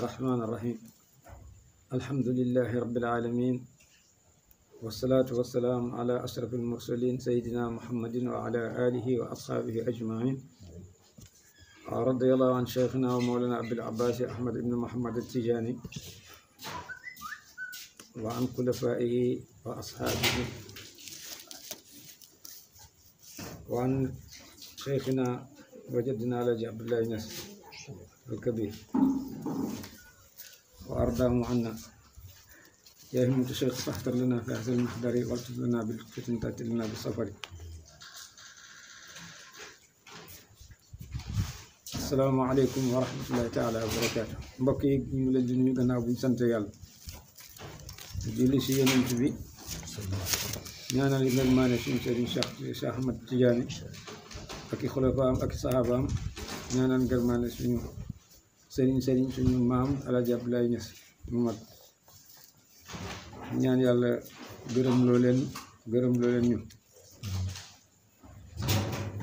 الرحمن الرحيم الحمد لله رب العالمين والصلاة والسلام على أشرف المرسلين سيدنا محمد وعلى آله وأصحابه أجمعين رضي الله عن شيخنا ومولانا عبد العباس أحمد بن محمد التجاني وعن خلفائه وأصحابه وعن شيخنا وجدنا لجأ عبد الله نسل ركبه وأرضاهم عنا يا هم الشيخ صحتر لنا في هذا المحضر والطف لنا بالفتن تأتي لنا بالسفر السلام عليكم ورحمة الله تعالى وبركاته بقي من الدنيا أبو سنت يال جلسي يوم تبي أنا اللي ما نشوف سيدنا شيخ أحمد تجاني أكي خلفاهم أكي صحابهم نانا ñaanal ngërmaane suñu sering-sering suñu maam Alaaji Abdoulaye Niass mu mag ñaan yàlla gërëm loo leen gërëm loo leen ñu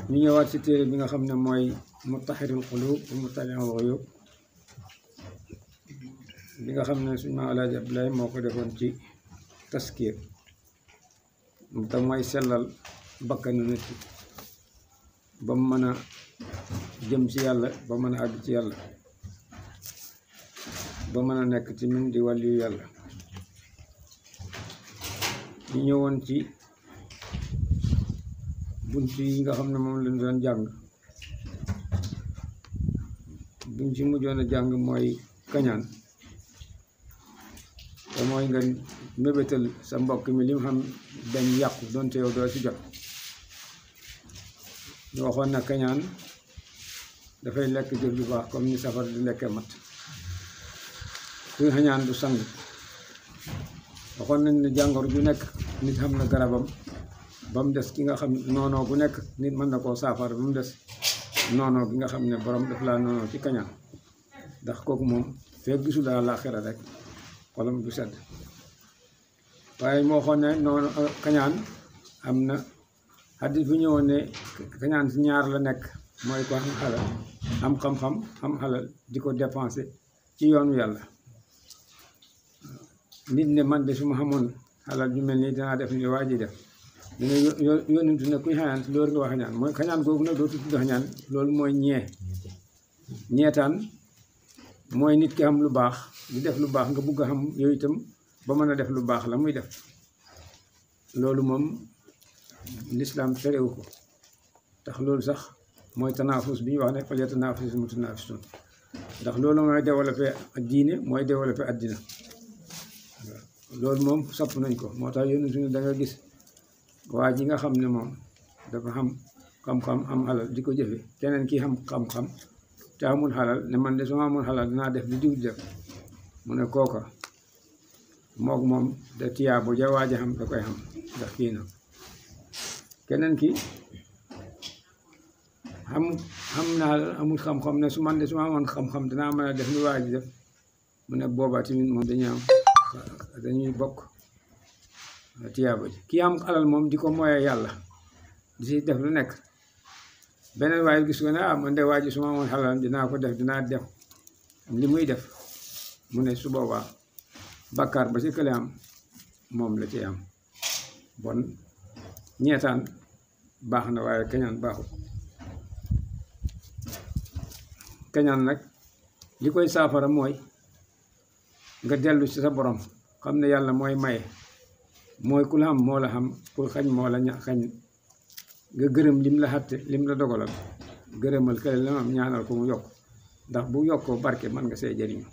ñu ñëwaat ci téere bi nga xamne moy mooy mutahhirul qulub wa mutali'ul ghuyub bi nga xamne ne suñu maam Alaaji Abdoulaye moo defoon ci taskir te moy selal bakkanu nit ba mu jëm ci yalla ba mën ag ci yalla ba mën a nekk ci ñun di wàllu yàlla ñu ñëwoon ci bunt yi nga xam ne moom lañ doon jàng buñ ci mujjoon jàng mooy kañaan te mooy nga mébétal sa mbokk mi li mu xam dañ yàqu donte yow doo ci jot ñu waxoon na kañaan dafay lekk jëf lu baax comme ni safar di lekkee mat kuy xañaan du sang waxoon nañ ne jàngoro ju nekk nit xam na garabam ba mu des ki nga xam noonoo bu nekk nit mën na koo saafara ba mu des noonoo gi nga xam ne boroom daf laa noonoo ci kañaan ndax kooku moom fekk gisul daal laaxira rek xolam du sedd waaye moo xoon ne euh, kañaan am na xadis bu ñëwoon ne kañaan si ñaar la nekk mooy ko am xalal am xam-xam am xalal di ko dépenser ci yoonu yàlla nit ne man de su ma xamoon xalaat ju mel nii danaa def ni waa ji def ne ne kuy xañaan loolu nga wax xañaan mooy xañaan googu nag dootu tudd xañaan loolu mooy ñee ñeetaan mooy nit ki xam lu baax di def lu baax nga bugg a xam yow itam ba mën a def lu baax la muy def loolu moom lislaam terewu ko tax loolu sax mooy tanaafus bi ñu wax ne falya tanaafusil mutanaafisun ndax loolu mooy développé diine mooy développé addina loolu moom sopp nañ ko moo tax yéen suñu da nga gis waa ji nga xam ne moom dafa xam xam-xam am alal di ko jëfe keneen kii xam xam te amul xalal ne man de suma amul xalal dinaa def di diw def mu ne kooka mook moom da bu ja waaja xam da xam ndax ki xam xam naa amul xam-xam ne su man de su ma amoon xam-xam danaa mën a def lu waa def mu ne booba tamit moom dañuy dañuy bokk tiyaaba ji kii am alal moom di ko moye yàlla di si def lu nekk beneen waaye gis ko ne ah man de waa ji su ma dinaa ko def dinaa def li muy def mu ne su boobaa bakkaar ba ci kële am moom la ci am bon ñeetaan baax na waaye keñaan baaxul keñaan nag li koy saafara mooy nga dellu ci sa borom xam ne yàlla mooy maye mooy ku la am moo la xam ku xañ moo la ña xañ nga gërëm lim la xatte lim la dogalal gërëmal kële la am ñaanal ko mu yokk ndax bu yokkoo barke man nga see jëriñu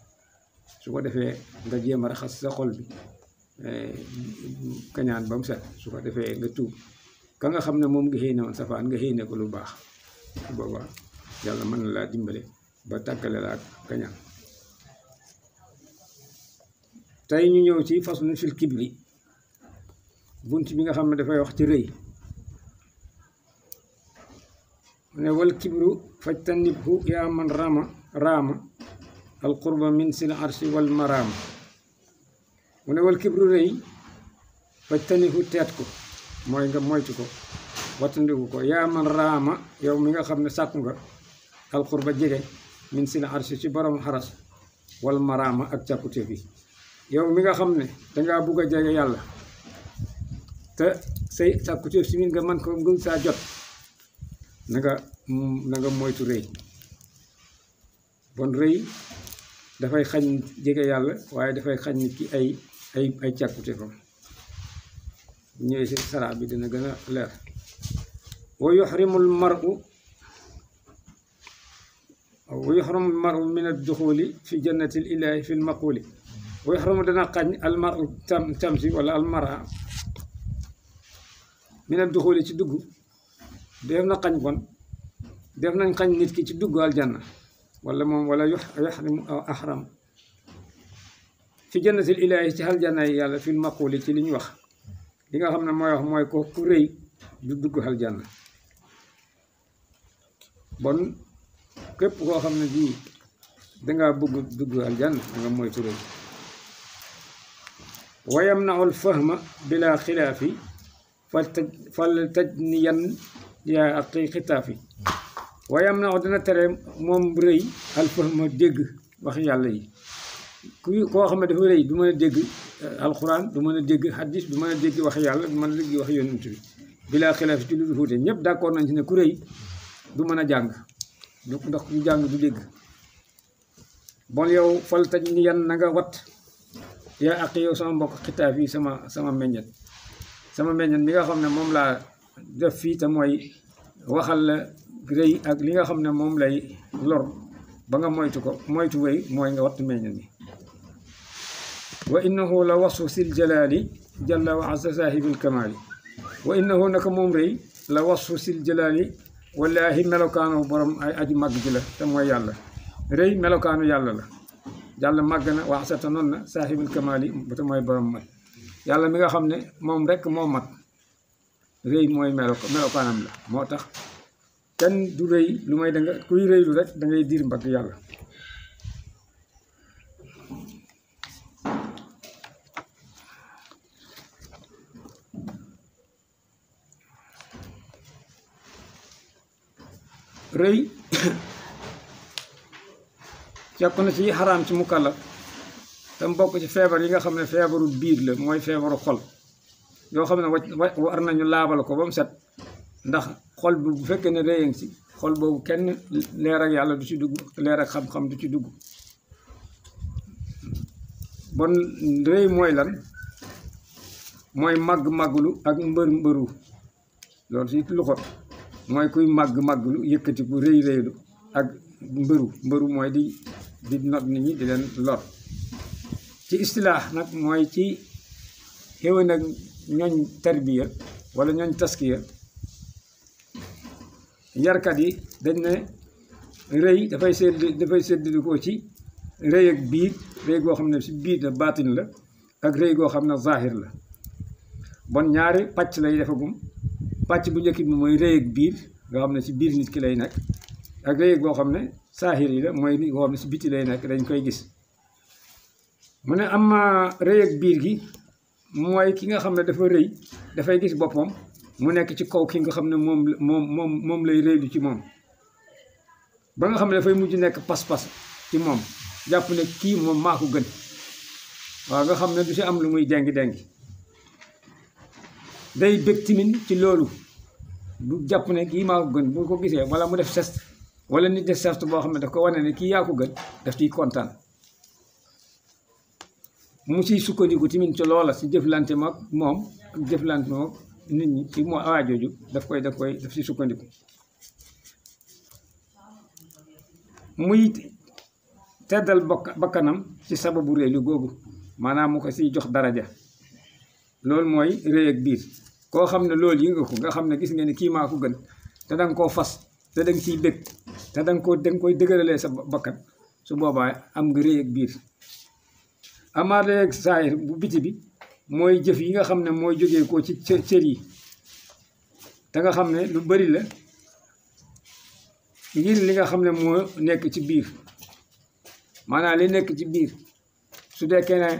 su ko defee nga jéem a raxas sa xol bi eh, kañaan ba mu set su ko defee nga tuub ka nga xam ne moom nga xëy ne woon safaan nga xëy ne ko lu baax su yàlla mën na laa dimbale ba tàggale laa kañaan tey ñu ñëw ci faslun fil bi bunt bi nga xam ne dafay wax ci rëy mu ne wal kibru fajtanibhu yaa man raama raama al qurba min sil arshi wal maraama mu ne wal kibru rëy fajtanibhu teet ko mooy nga moytu ko wattandiku ko yaa man raama yow mi nga xam ne sàkku nga al qurba jege si sil arshi ci borom xaras wal maraama ak càkkutéef bi yow mi nga xamne da nga bëgg a jege yàlla te say ci min nga man ko ngul sa jot na nga na nga moytu rëy bon da fay xagn jege yàlla waaye dafay xañ nit ki ay ay ay ciakuté càkkuteefam ñëw ci sara bi dina gëna leer wa yuxrimul maru wa yuxrimul maru min adduxuli fi jannatil ilaahi fi lmaquli wa ihramu dana qagn al mar'u tam tamsi wala al mar'a min al dukhuli ci duggu def na qagn kon def nañ qagn nit ki ci duggu al janna wala mom wala yuhrim aw ahram fi jannatil ilahi ci hal janna ya fi maquli ci liñ wax li nga xamne moy wax moy ko ku reey du duggu hal janna bon kep ko xamne di da nga bëgg duggu al janna nga moy turay ويمنع الفهم بلا خلاف فلتجنيا يا أخي ختافي ويمنع دنا ترى ممبري الفهم دق وخي علي كو كو خما دفو ري دوما دق القران دوما دق حديث دوما دق وخي الله دوما دق وخي يونتي بلا خلاف تي لودو فوتي نيب داكور نانتي كو ري دوما جانغ دوك ندخ جانغ دو دق بون يو فلتجنيا نغا وات yaa ak yow sama mbokk xitaab yi sama sama meññet sama meññet mi nga xam ne moom laa def fii te mooy waxal la rëy ak li nga xam ne moom lay lor ba nga moytu ko moytu wéy mooy nga wattu meññet mi wa innahu la wasu sil jalaali jalla wa azza saahibil kamaali wa innahu naka moom rëy la wasu si jalaali wallaahi melokaanu borom ay aji màgg ji la te mooy yàlla rëy melokaanu yàlla la yalla magna na wax sa tanoon na sahibul kamali bu te mooy borom mat yalla mi nga xamne mom rek mo mat reey moy melo melokaanam la motax ken du reey lumay may danga kuy lu rek da ngay diir mbagg yàlla jàpp na ci xaraam ci mukallaf tam bokk ci feebar yi nga xam ne feebaru biir la mooy feebaru xol yoo xam ne wa war nañu laabal ko ba mu set ndax xol bi bu fekkee ne réyang si xol boobu kenn leer yàlla du ci dugg leerak ak xam-xam du ci dugg bon réy mooy lan mooy màgg-màgglu ak mbër-mbëru loolu si loxo mooy kuy màgg-màgglu yëkkati ku réy réylu ak mbëru mbëru mooy di di not nit ñi di leen lor ci istilaax nag mooy ci xéwé nag ñooñ tarbiya wala ñooñ taskiya yarkat yi dañ ne rëy dafay sedd dafay séddlikoo ci rëy ak biir rëy goo xam ne si biir la baatin la ak rëy goo xam ne zahir la bon ñaari pàcc lay defagum pàcc bu njëkk bi mooy rëy ak biir nga xam ne si biir nit ki lay nekk ak la yëg boo xam ne saaxir yi la mooy bi boo xam ne si biti lay nekk dañ koy gis mu ne am ma ak biir gi mooy ki nga xam ne dafa rëy dafay gis boppam mu nekk ci kaw ki nga xam ne moom moom moom moom lay rëylu ci moom ba nga xam ne dafay mujj nekk pas-pas ci moom jàpp ne kii moom maa ko gën waaw nga xam ne du si am lu muy dengi-dengi day bég timin ci loolu du jàpp ne kii maa ko gën bu ko gisee wala mu def sest wala nit de sart boo xam ne daf ko wane ne kii yaa ko gën daf ciy kontaan mu ciy sukkandiku tamit ci loola si jëflante mag moom ak jëflante moom nit ñi ci moo jooju daf koy daf koy daf ciy sukkandiku muy teddal bakkanam ci sababu réelu googu maanaam mu ko siy jox daraja loolu mooy réy ak biir koo xam ne loolu yi nga ko nga xam ne gis nga ne kii maa ko gën te danga koo fas te danga ciy bëgg te danga ko danga koy dëgëralee sa bakkan su boobaa am nga rëy ak biir amaale ak saayir bu biti bi mooy jëf yi nga xam ne mooy jógee ko ci cër yi te nga xam ne lu bari la ngir li nga xam ne mooy nekk ci biir maanaam li nekk ci biir su dee ne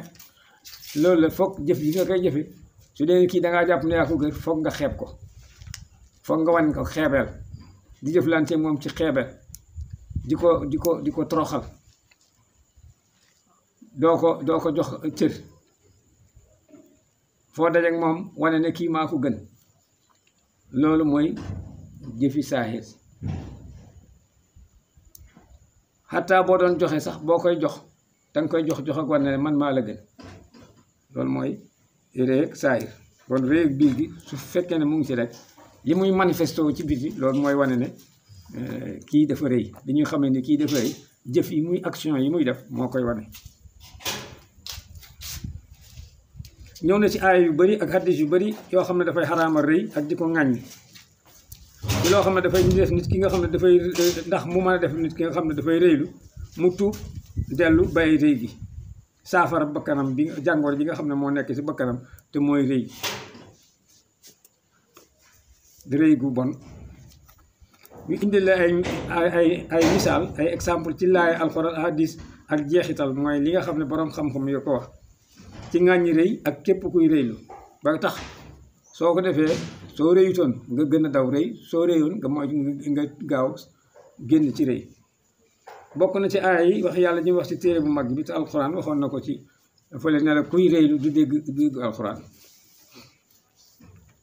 loolu la foog jëf yi nga koy jëfe su dee kii dangaa jàpp ne yaa gër foog nga xeeb ko foog nga wan ko xeebeel di jëflante moom ci xeebeel di ko di ko di ko troxal doo ko doo ko jox cër foo dajeeg moom wane ne kii maa ko gën loolu mooy jëfi saaxir xataa boo doon joxe sax boo koy jox danga koy jox jox ak wane ne man maa la gën loolu mooy réeg saaxir kon réeg biir gi su fekkee ne mu ngi ci rek yi muy manifesté ci biir bi loolu mooy wane ne kii dafa rëy dañuy xam ne kii dafa rëy jëf yi muy action yi muy def moo koy wane ñëw na ci aaya yu bari ak hadis yu bari yoo xam ne dafay xaraama rëy ak di ko ŋàññi ci loo xam ne dafay def nit ki nga xam ne dafay ndax mu mën a def nit ki nga xam ne dafay rëylu mu tuub dellu bàyyi rëy gi saafara bakkanam bi jàngoor ji nga xam ne moo nekk ci bakkanam te mooy rëy rëy gu bon ñu indil la ay ay ay misaal ay exemple ci laay alxuraan hadis ak jeexital mooy li nga xam ne boroom xam-xam yoo ko wax ci ŋàññi rëy ak képp kuy rëylu ba tax soo ko defee soo rëyutoon nga gën a daw rëy soo rëyoon nga mooy nga gaaw génn ci rëy bokk na ci aaya yi wax yàlla ñu wax ci téere bu mag bi te alxuraan waxoon na ko ci fële leen la kuy rëylu du dégg dégg alxuraan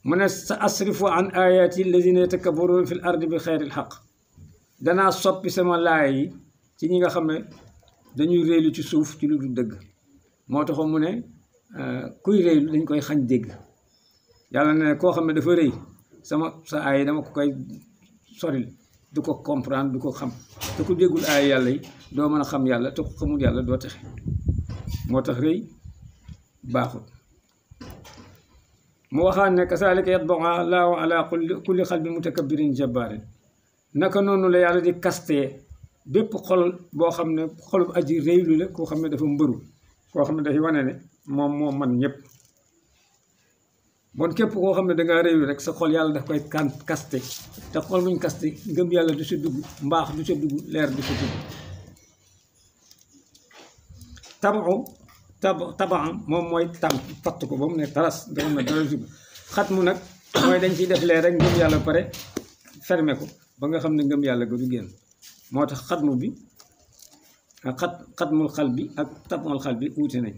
mu ne sa asrifu an ayaati alladina yatakabbaruna fi l ardi bi xeyril xaq danaa soppi sama laay yi ci ñi nga xam ne dañuy réylu ci suuf ci lu dul dëgg moo taxoon mu ne kuy réylu dañ koy xañ dégg yàlla ne koo xam ne dafa rëy sama sa aay dama ko koy soril du ko comprendre du ko xam te ku déggul aay yàlla yi doo mën a xam yàlla te ku xamul yàlla doo texe moo tax rëy baaxul mu waxaat ne kasaalika yatbaxu laahu ala kulli xalbi mutakabbirin jabbaarin naka noonu la yàlla di kastee bépp xol boo xam ne xolub aji réylu la koo xam ne dafa mbëru koo xam ne dafay wane ne moom moo man ñëpp bon képp koo xam ne dangaa réylu rek sa xol yàlla daf koy kan kaste te xol muñ kaste ngëm yàlla du sa dugg mbaax du sa dugg leer du sa dugg tabu طبعا موم موي تانك فاتكو بوم ني تراس دون دو جوب خاتمو نك موي دنجي ديف لي رك نغم يالا بري فيرمي كو باغا خامني نغم يالا غو دوغين موتا خاتمو بي خات خاتمو القلب اك طبعا القلب اوتي ناي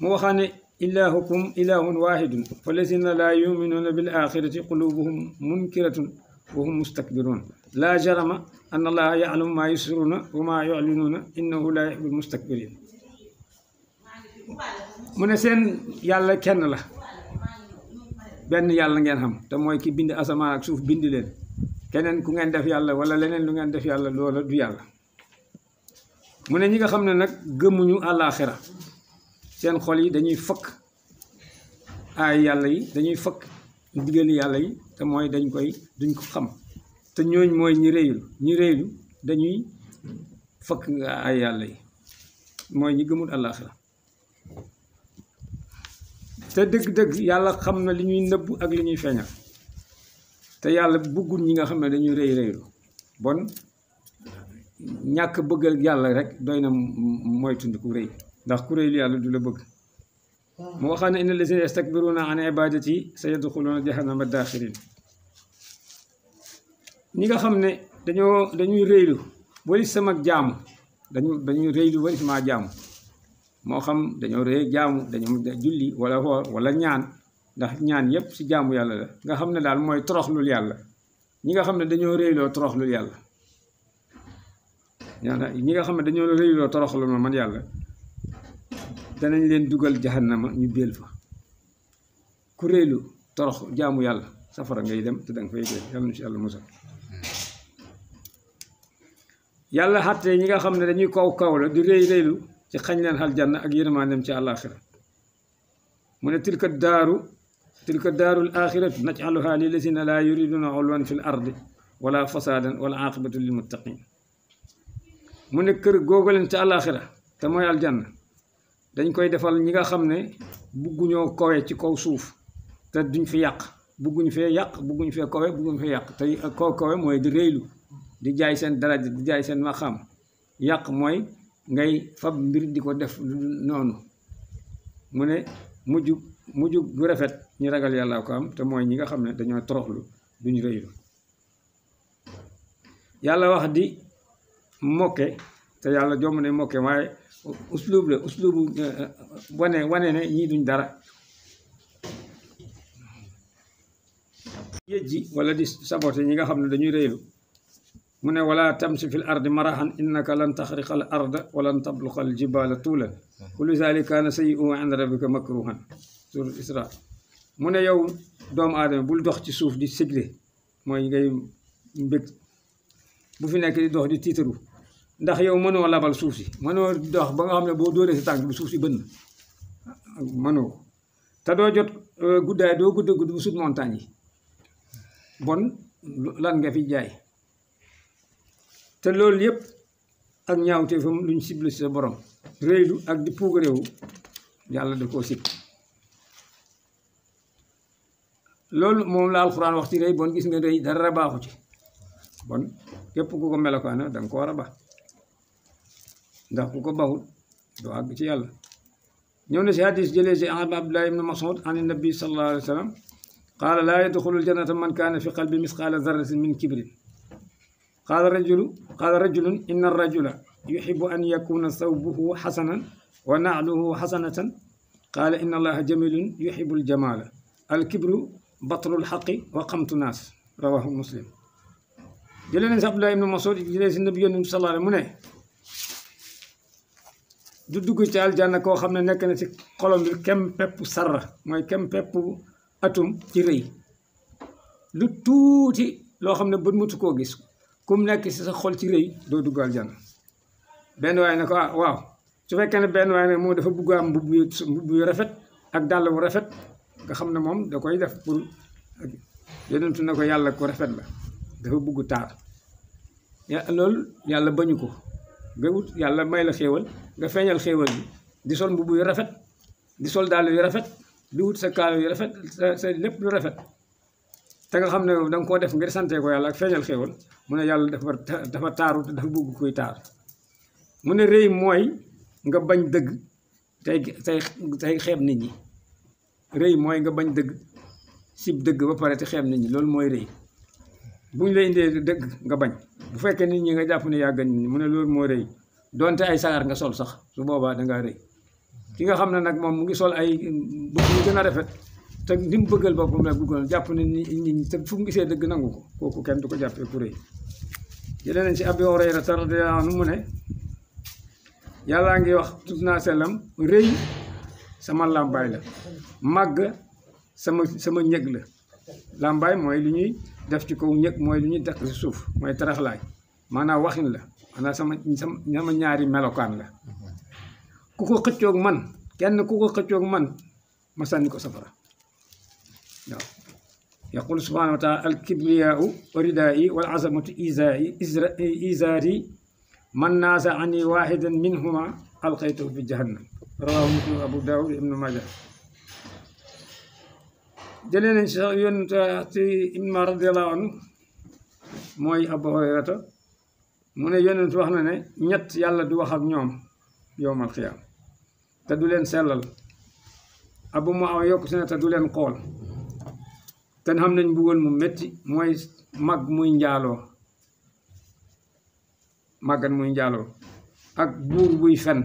مو وخاني إلهكم إله واحد فالذين لا يؤمنون بالآخرة قلوبهم منكرة وهم مستكبرون لا جرم أن الله يعلم ما يسرون وما يعلنون إنه لا يحب المستكبرين من سين يالا كن لا بن يالا نين هم تموي كي بيند اسما اك سوف بيند لين كنن كو نين داف يالا ولا لنين لو نين داف يالا لولا دو يالا من نيغا خامن نا گمو نيو الاخره سين خول يي دانيي فك اي يالا يي دانيي فك ديغل يالا يي تموي دنج كوي دنج كو خام te ñooñ mooy ñi réylu ñi réylu dañuy fakk nga ay yàlla yi mooy ñi gëmul àllaaxira te dëgg-dëgg yàlla xam na li ñuy nëbb ak li ñuy feeñal te yàlla bëggul ñi nga xam ne dañuy réy réylu bon ñàkk bëggal yàlla rek doy na mooy tund ku réy ndax ku réylu yàlla du la bëgg moo xam ne inna lazina yastakbiruna an ibadati sayadxuluna jahannama daaxirin ñi nga xamne ne dañoo dañuy reylu walis sama jaamu dañu dañuy reylu walis sama jaamu mo xam dañoo réy jaamu dañu julli wala ho wala ñaan ndax ñaan yépp ci jaamu yàlla la nga xam ne daal mooy toroxlul yàlla ñi nga xam ne dañoo réyloo toroxlul yàlla ñi nga xam ne dañoo réyloo toroxlul ma man yàlla danañ leen dugal jahannama ñu béel fa ku réylu torox jaamu yàlla safara ngay dem te danga fay dee yàlla na ci yàlla musal yàlla xattee ñi nga xam ne dañuy kaw kaw la di réy réylu ci xañ leen xal janna ak yërmaandeem ci àllaaxira mu ne tilka daaru tilka daarul axirati najcaluhaa lillazina laa yuriduna ulwan fi ardi wala fasaadan wala aaqibatu lil muttaqin mu ne kër googu leen ci àllaaxira te mooy aljanna dañ koy defal ñi nga xam ne bugguñoo kawe ci kaw suuf te duñ fi yàq bugguñ fee yàq bugguñ fee kawe bugguñ fee yàq te kaw kawe mooy di réylu di jaay seen daraja di jaay seen maxam yàq mooy ngay fab mbir di ko def noonu mu ne mujj mujj gu rafet ñi ragal yàlla ko am te mooy ñi nga xam ne dañoo toroxlu duñu rëylu yàlla wax di mokke te yàlla jomb ne mokke waaye uslub la uslub eh, wane wane ne ñii duñ dara yëj ji wala di saboté ñi nga xam ne dañuy rëylu mu ne walaa tamsi fi l ardi marahan innaka lan taxriqa al arda walan tabluqa al jibala tuulan kullu zalika kaana sayyi'uhu inda rabbika makruhan sur isra mu ne yow doomu aadama bul dox ci suuf di sigle mooy ngay mbég bu fi nekk di dox di tiitaru ndax yow mënoo labal suuf si mënoo dox ba nga xam ne boo dóoree si tànk bi suuf si bënn mënoo ko te doo jot guddaay doo gudd gudd bu sut montagne yi bon lan nga fi jaay te loolu yëpp ak ñaawteefam luñ ciblé ci sa borom réylu ak di puugaréewu yàlla da koo sib loolu moom la alxuraan wax ci rëy bon gis nga rëy dara baaxu ci bon képp ku ko melokaana da nga ko war a baax ndax ku ko baaxul doo àgg ci yàlla ñëw na si hadis jëlee si an abdullahi ibn mas'ud an nabi sallallahu alayhi wa sallam qaala laa yadxulu aljannata man kaana fi qalbi misqaala zarratin min kibrin قال رجل قال رجل إن الرجل يحب أن يكون ثوبه حسنا ونعله حسنة قال إن الله جميل يحب الجمال الكبر بطل الحق وقمت ناس رواه مسلم jëlee nañ si Abdoulaye ibn Mas'ud jëlee si nabi yonent bi sallallahu du dugg ci aljanna koo xam ne nekk na ci xolom bi kem pepp sarra mooy kem pepp atum ci rëy lu tuuti loo xam ne bët mutu koo gis kum nekk si sa xol ci rëy doo dugg aljanna benn waay ne ko ah waaw su fekkee ne benn waay ne moom dafa bugg am mbubb mbubb yu rafet ak dàll bu rafet nga xam ne moom da koy def pour yonentu na ko yàlla ko rafet la dafa bugg taal taar loolu yàlla bañu ko nga wut yàlla may la xéewal nga feeñal xéewal bi di sol mbubb yu rafet di sol dàll yu rafet bi wut sa kaalo yu rafet sa sa lépp lu rafet te nga xam ne da nga koo def ngir sante ko yàlla ak feeñal xéewal mu ne yàlla dafa dafa taaru te dafa bëgg koy taar mu ne rëy mooy nga bañ dëgg tey tey tey xeeb nit rëy mooy nga bañ dëgg sib dëgg ba pare te xeeb nit ñi loolu mooy rëy bu ñu la indee dëgg nga bañ bu fekkee nit ñi nga jàpp ni yàgg nit ñi mu ne loolu moo rëy donte ay sagar nga sol sax su boobaa dangaa rëy ki nga xam ne nag moom mu ngi sol ay bu ñu gën a rafet te ni mu bëggal boppam la bëggoon jàpp ne nit ñi te fu mu see dëgg nangu ko kooku kenn du ko jàppee ku rëy jëlee nañ si Abi Hurayra mu ne yàllaa ngi wax tudd naa sellam rëy sama làmbaay la màgg sama sama ñëg la làmbaay mooy li ñuy def ci kow ñëg mooy lu ñuy def ci suuf mooy taraxlaay maanaam waxin la maanaam sama sama ñaari melokaan la ku ko xëccoog man kenn ku ko xëccook man ma sànni ko safara يقول سبحانه وتعالى الكبرياء وردائي والعظمة إزائي إزاري من نازعني واحدا منهما ألقيته في جهنم رواه مسلم أبو داود ابن ماجه جلنا إن شاء الله ينتهي إما رضي الله عنه موي أبو هريرة من ينتهي وحنا نت يلا دو واحد يوم يوم القيامة تدولين سلل أبو معاوية كسنة تدولين قول ten xam nañ mbugal mu metti mooy mag muy njaaloo màggat muy njaaloo ak buur buy fen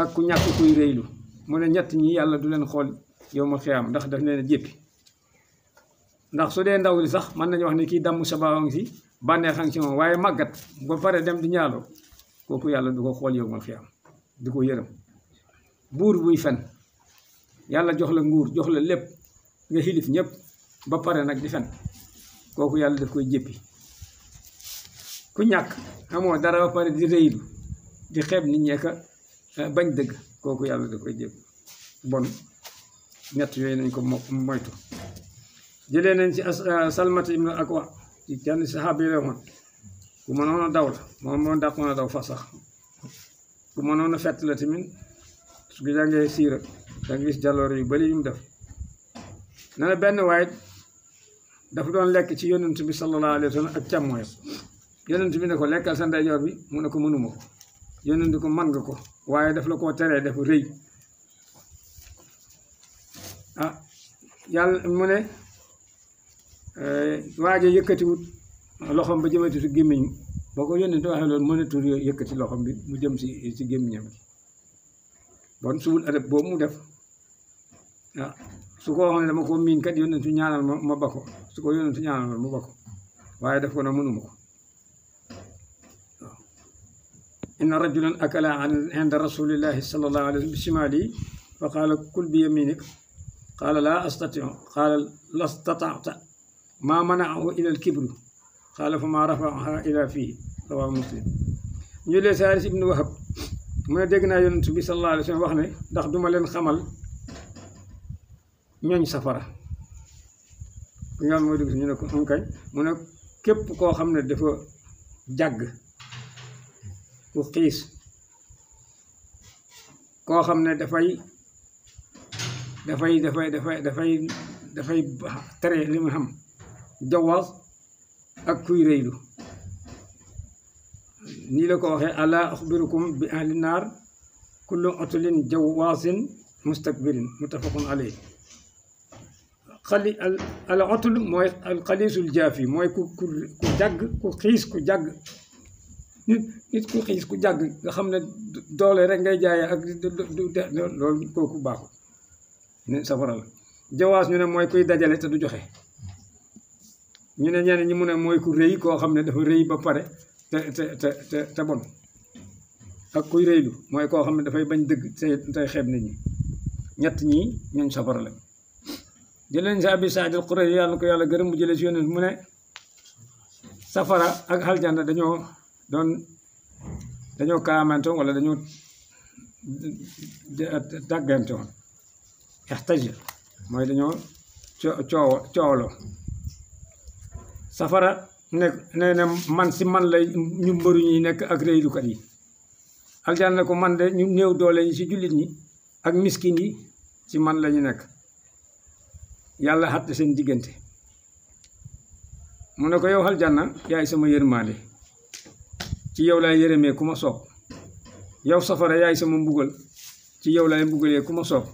ak ku ñàkk kuy réylu mu ne ñett ñi yàlla du leen xool yow ma xiyaam ndax daf leen a jéppi ndax su dee ndaw li sax mën nañu wax ne kii damm sabaawa ngi si bànneex a ngi si moom waaye màggat ba pare dem di ñaaloo kooku yàlla du ko xool yow ma xiyaam du ko yërëm buur buy fen yàlla jox la nguur jox la lépp nga xilif ñëpp ba pare nag di fen kooku yàlla daf koy jéppi ku ñàkk xamoo dara ba pare di réylu di xeeb ni ñee ka eh, bañ dëgg kooku yàlla daf koy jéppi bon ñett yooyu nañ ko moytu jëlee nañ ci eh, salmata ibnu akwa ci kenn saxaaba yi la woon ku mënoon a daw la moom moo dàqoon a daw fa sax ku mënoon a fett la tamit su ko jàngee siira da nga gis jaloor yu bari yu mu def ne na benn waay dafa doon lekk ci yonent bi sallallahu alayhi wa sallam ak càmmooyam yonent bi ne ko lekkal sa ndeyjoor bi mu ne ko mënuma ko yonent ko man ko waaye daf la koo teree dafa rëy ah yàlla mu ne eh, waaje yëkkatiwut loxom ba jëmati si gémmiñ boo ko yónnee te waxee loolu mënatul yëkkati loxom bi mu jëm si si gémmiñam bi bon suul adab boobu mu def ah, suko xam ne dama ko miin kat yónnentu ñaanal ma ma ba ko su ñaanal ma ma ba ko ko na mënuma ko inna rajulan akala an inda rasulillahi sallallahu alayhi wa sallam bi shimali fa qaala kul bi yaminik qaala la astatiu qaala la statata ma manaahu ila alkibru qaala fa ma rafaaha ila fihi rawahu muslim ñu lee saaris ibnu wahab mu ne dégg naa yónnentu bi sallallahu alayhi wa sallam wax ne ndax duma leen xamal ñooñ safara ñoom mooy dugg si ñu ne ko am kañ mu ne képp koo xam ne dafa jàgg ku xiis koo xam ne dafay dafay dafay dafay dafay dafay tere li mu xam jawaas ak kuy réylu nii la ko waxee ala axbirukum bi ahli naar kullu utulin jawaasin mustakbirin muttafaqun alayhi xali al al otul mooy al xaliisul jaafi mooy ku ku ku jàgg ku xiis ku jàgg nit nit ku xiis ku jàgg nga xam ne doole rek ngay jaayee ak loolu kooku baaxul ne safara la jawaas ñu ne mooy kuy dajale te du joxe ñu ne ñeneen ñi mu ne mooy ku rëy koo xam ne dafa rëy ba pare te te te bon ak kuy rëylu mooy koo xam ne dafay bañ dëgg te tey xeeb nit ñi ñett ñii safara la jëleen si abi saadil Quraysh yàlla ko yàlla gërëm mu jëlee si yonent mu ne safara ak aljanna dañoo doon dañoo kaamantoon wala dañoo dàggantoon ixtajir mooy dañoo coow coowloo safara ne nee na man si man lay ñu mbëru ñi nekk ak réylukat yi aljanna ko man de ñu néew doole ñi si jullit ñi ak miskin yi ci man la ñu nekk yàlla xatte seen diggante mu ne ko yow aljanna yaay sama yërmaande ci yow laay yërëmee ku ma soob yow safara yaay sama mbugal ci yow laay mbugalee ku ma soob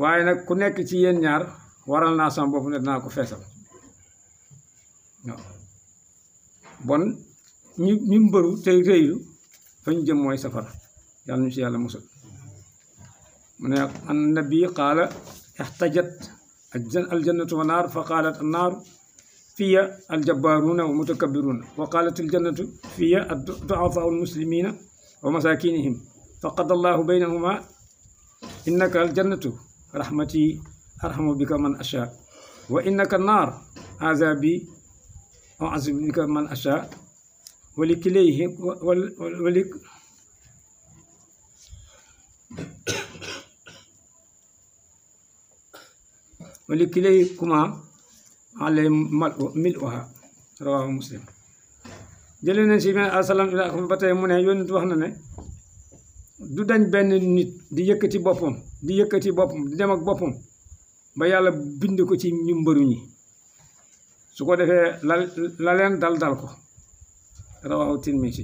waaye nag ku nekk ci yéen ñaar waral naa sama bopp ne dinaa ko feesal bon ñu ñu mbëru tey réylu fa ñu jëm mooy safara yàlla ñu ci yàlla musal mu ne an nabi احتجت الجنة والنار فقالت النار في الجبارون والمتكبرون وقالت الجنة في الضعفاء المسلمين ومساكينهم فقد الله بينهما إنك الجنة رحمتي أرحم بك من أشاء وإنك النار عذابي أعذب بك من أشاء ولكليهم ولك wali kilaykumaa alay mil'uhaa rawaahu muslim jëlee nañ si beneen asalaam ilaakum ba tey mu ne yonent wax na ne du dañ benn nit di yëkkati boppam di yëkkati boppam di dem ak boppam ba yàlla bind ko ci ñu ñi su ko defee la dal dal ko rawaahu tirmisi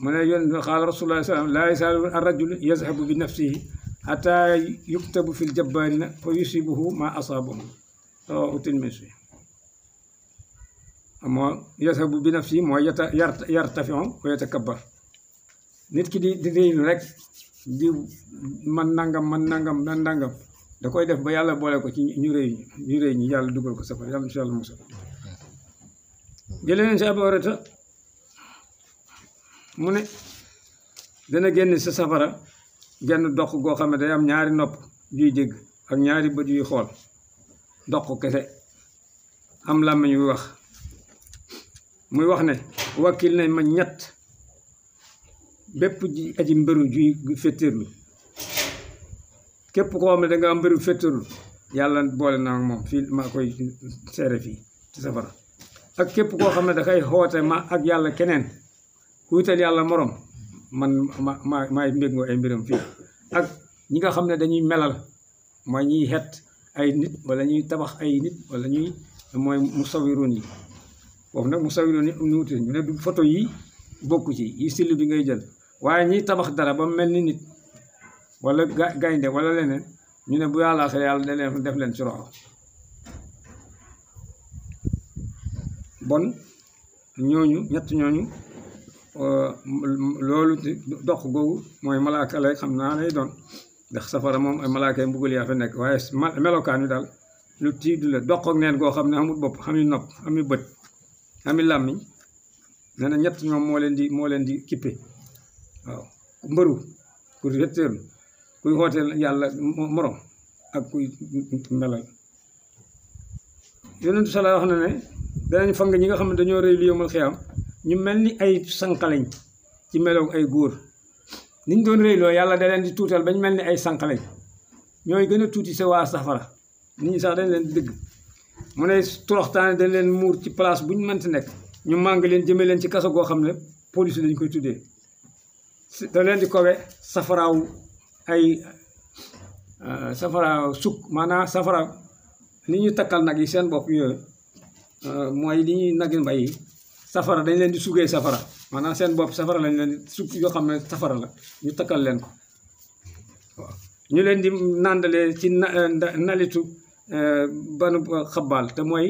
mu ne yonent xaala rasulullah sallam laa yazaalu ar rajul yazhabu bi nafsihi xataa yuktabu fil jabbaarina fa yusibuhu maa asaabahu rawaahu tirmisi moo yasabu bi nafsi mooy yata yartafion wa nit ki di di réylu nangam man nangam man nangam da koy def ba yàlla boole ko ci ñu réy yàlla dugal ko safar yàlla mu ne dana génn sa safara genn dox goo xam ne day am ñaari nopp juy dégg ak ñaari bët yuy xool dox kese am làmmiñ wi wax muy wax ne wakkil nañ ma ñett bépp ji aji mbëru juy féttéerlu képp koo xam ne danga nga am mbëru féttéerlu yàlla boole naa moom fi maa koy seere fii ci safara ak képp koo xam ne dafay xoote ma ak yàlla keneen ku yàlla moroom man ma ma maay mbégoo ay mbiram fii ak ñi nga xam ne dañuy melal mooy ñi xet ay nit wala ñuy tabax ay nit wala ñuy mooy musawiroon yi foofu nag musawiroon yi am na wuute ñu ne du photo yi bokku ci yi style bi ngay jël waaye ñi tabax dara ba mel ni nit wala ga gaynde wala leneen ñu ne bu yàlla xëy yàlla daleen def leen ci roxo bon ñooñu ñett ñooñu loolu dox googu mooy malaaka lay xam naa lay doon ndax safara moom ay malaaka yi mbugal yaa fa nekk waaye melokaan wi daal lu tiidu la dox ak neen goo xam ne amul bopp xamul nopp xamul bët xamul làmmiñ nee na ñett ñoom moo leen di moo leen di kippe waaw ku ku wetteelu kuy hooteel yàlla morom ak kuy melal yonentu sala wax na ne fang ñi nga xam ne dañoo li yomal xiyaam ñu mel ni ay sànq lañ ci melow ay góor niñ doon réyloo yàlla da leen di tuutal bañ mel ni ay sànq lañ ñooy gën a tuuti sewaar safara nit ñi sax dañ leen di dëgg mu ne toroxtaane dañ leen muur ci place buñ mënti nekk ñu màng leen jëme leen ci kaso goo xam ne police lañ koy tuddee da leen di kowe safara ay euh, safaraaw sukk maanaam safara ni ñu takkal nag yi seen bopp yooyu euh, mooy li ñuy nagi mbay yi safara dañ leen di sugee safara maanaam seen bop safara lañ leen di yo xamné safara la ñu takal leen ko ñu leen di nandalé ci nalitu banu xabal te moy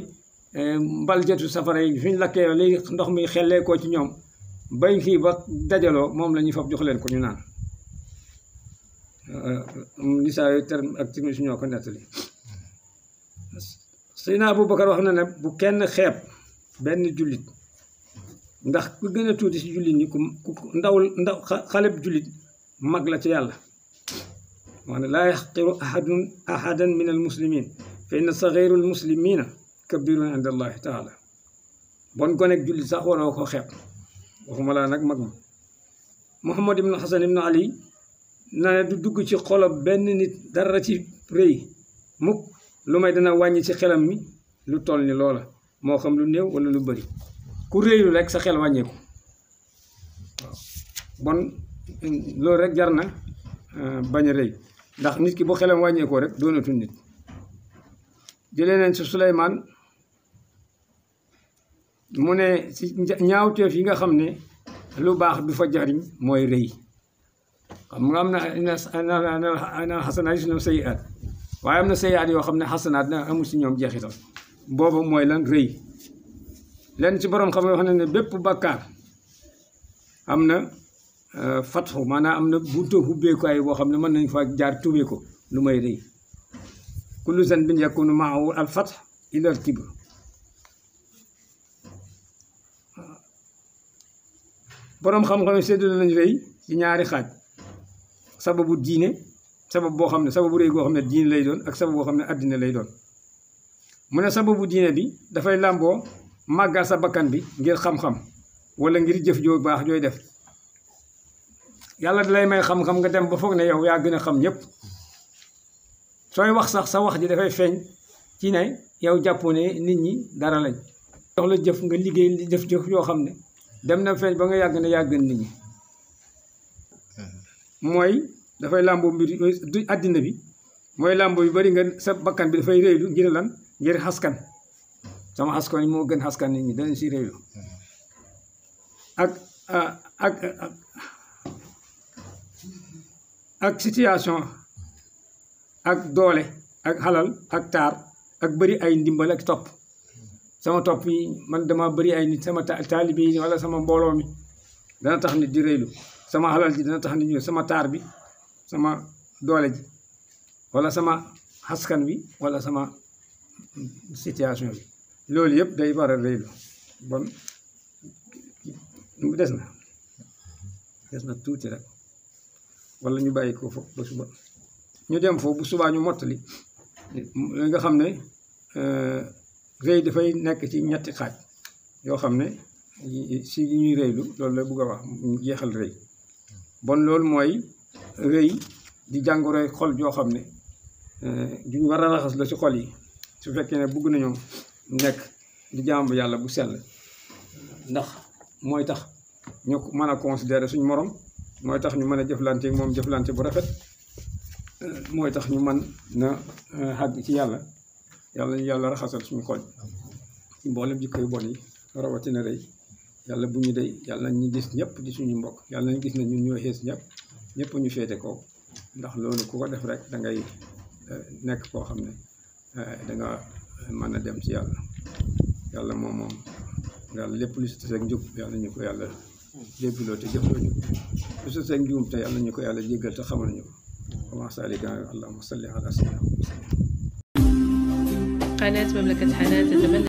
mbal jettu safara yi fiñ ñu lakkee li ndox mi xellee ko ci ñom bay fi ba dajalo mom lañu fop jox leen ko ñu naan nisaa yu terme ak timis ñoo ko nettali Seydina Abubakar wax na ne bu kenn xeeb ben julit ndax ku gëna a tuuti si jullit ñi ku ndaw ndaw xalé bu jullit mag la ci yàlla man la yaqiru ahadun ahadan min al muslimin fa inna saxiru al muslimina kabirun inda allah taala bon gonek jullit sax waro ko xep waxuma la nak mag muhammad ibn hasan ibn ali na du dugg ci xolam ben nit dara ci reey mukk lumay dana wañ ci xelam mi lu toll ni loola moo xam lu néew wala lu bëri ku réylu rek sa xel wàññeeku bon loolu rek jar na euh, bañ a rëy ndax nit ki bu xelam wàññeekoo rek doonatul nit jëlee nañ si Suleymaan mu ne si ñaawteef yi nga xam ne lu baax du fa jariñ mooy rëy xam nga am na na xasanaat yi suñu sayiaat waaye am na sayiaat yoo xam ne xasanaat na amul si ñoom jeexital boobu mooy lan rëy lenn ci boroom xam nga wax ne ne bépp bàkkaar am na euh, fatxu maanaa am na buntu ubbeekuwaay boo xam ne mën nañ fa jaar tuubee ko lu may rëy kullu zanbin yakunu maahu al fatx ila al boroom xam-xam yi séddale nañu rëy ci ñaari xaaj sababu diine sabab boo xam ne sababu rëy goo xam ne diine lay doon ak sabab boo xam ne àddina lay doon mu ne sababu diine bi dafay làmboo màggal sa bakkan bi ngir xam-xam wala ngir jëf joo baax jooy def yàlla dalay may xam-xam nga dem ba foog ne yow yaa gën a xam ñëpp sooy wax sax sa wax ji dafay feeñ ci ne yow jàppoo ne nit ñi dara lañ dox la jëf nga liggéey jëf jëf yoo xam ne dem na feeñ ba nga yàgg ne yaa gën nit ñi mooy dafay làmboo mbir àddina bi mooy làmboo yu bari nga sa bakkan bi dafay réylu ngir lan ngir xaskan sama askan wi moo gën askan nit ñi dañ si réew ak ak ak situation ak doole ak xalal ak taar ak bëri ay ndimbal ak topp sama topp yi man dama bëri ay nit sama taalibe sama mbooloo mi dana tax nit di sama xalal ji dana tax nit ñu sama taar bi sama doole ji walla sama askan wi walla sama situation bi loolu yëpp day waral rëylu bon des na des na tuuti rek walla ñu bàyyi ko foofu ba suba ñu dem foofu bu subaa ñu mottali li nga xam ne euh, rëy dafay nekk ci ñetti xaaj yoo xam ne si yi ñuy rëylu loolu la bëgg a wax jeexal rëy bon loolu mooy rëy di jàngoroy xol joo xam ne duñ euh, war a raxas la si xol yi su fekkee ne bëgg nañoo nekk di jaamu yàlla bu sell ndax mooy tax ñu mën a considérer suñu morom mooy tax ñu mën a jëflante moom jëflante bu rafet mooy tax ñu mën na xàgg euh, ci yàlla yàlla ñu yàlla raxasal suñu xol mboolem jikko yu bon yi rawatina rëy yàlla bu ñu dey yàlla ñu gis ñëpp di suñu mbokk yàlla ñu gis ne ñun ñoo xees ñëpp ñëpp ñu féete kaw ndax loolu ku ko def rek da ngay euh, nekk koo xam ne euh, da mën a dem ci yàlla yàlla moom moom yàlla lépp lu si taseeg njub yàlla ñu ko yàlla jéggaloo te jëfloo ñu lu si taseeg njuum te yàlla ñu ko yàlla jéggal te xamal ñu ko wa ma salika allahumma salli ala sayyidina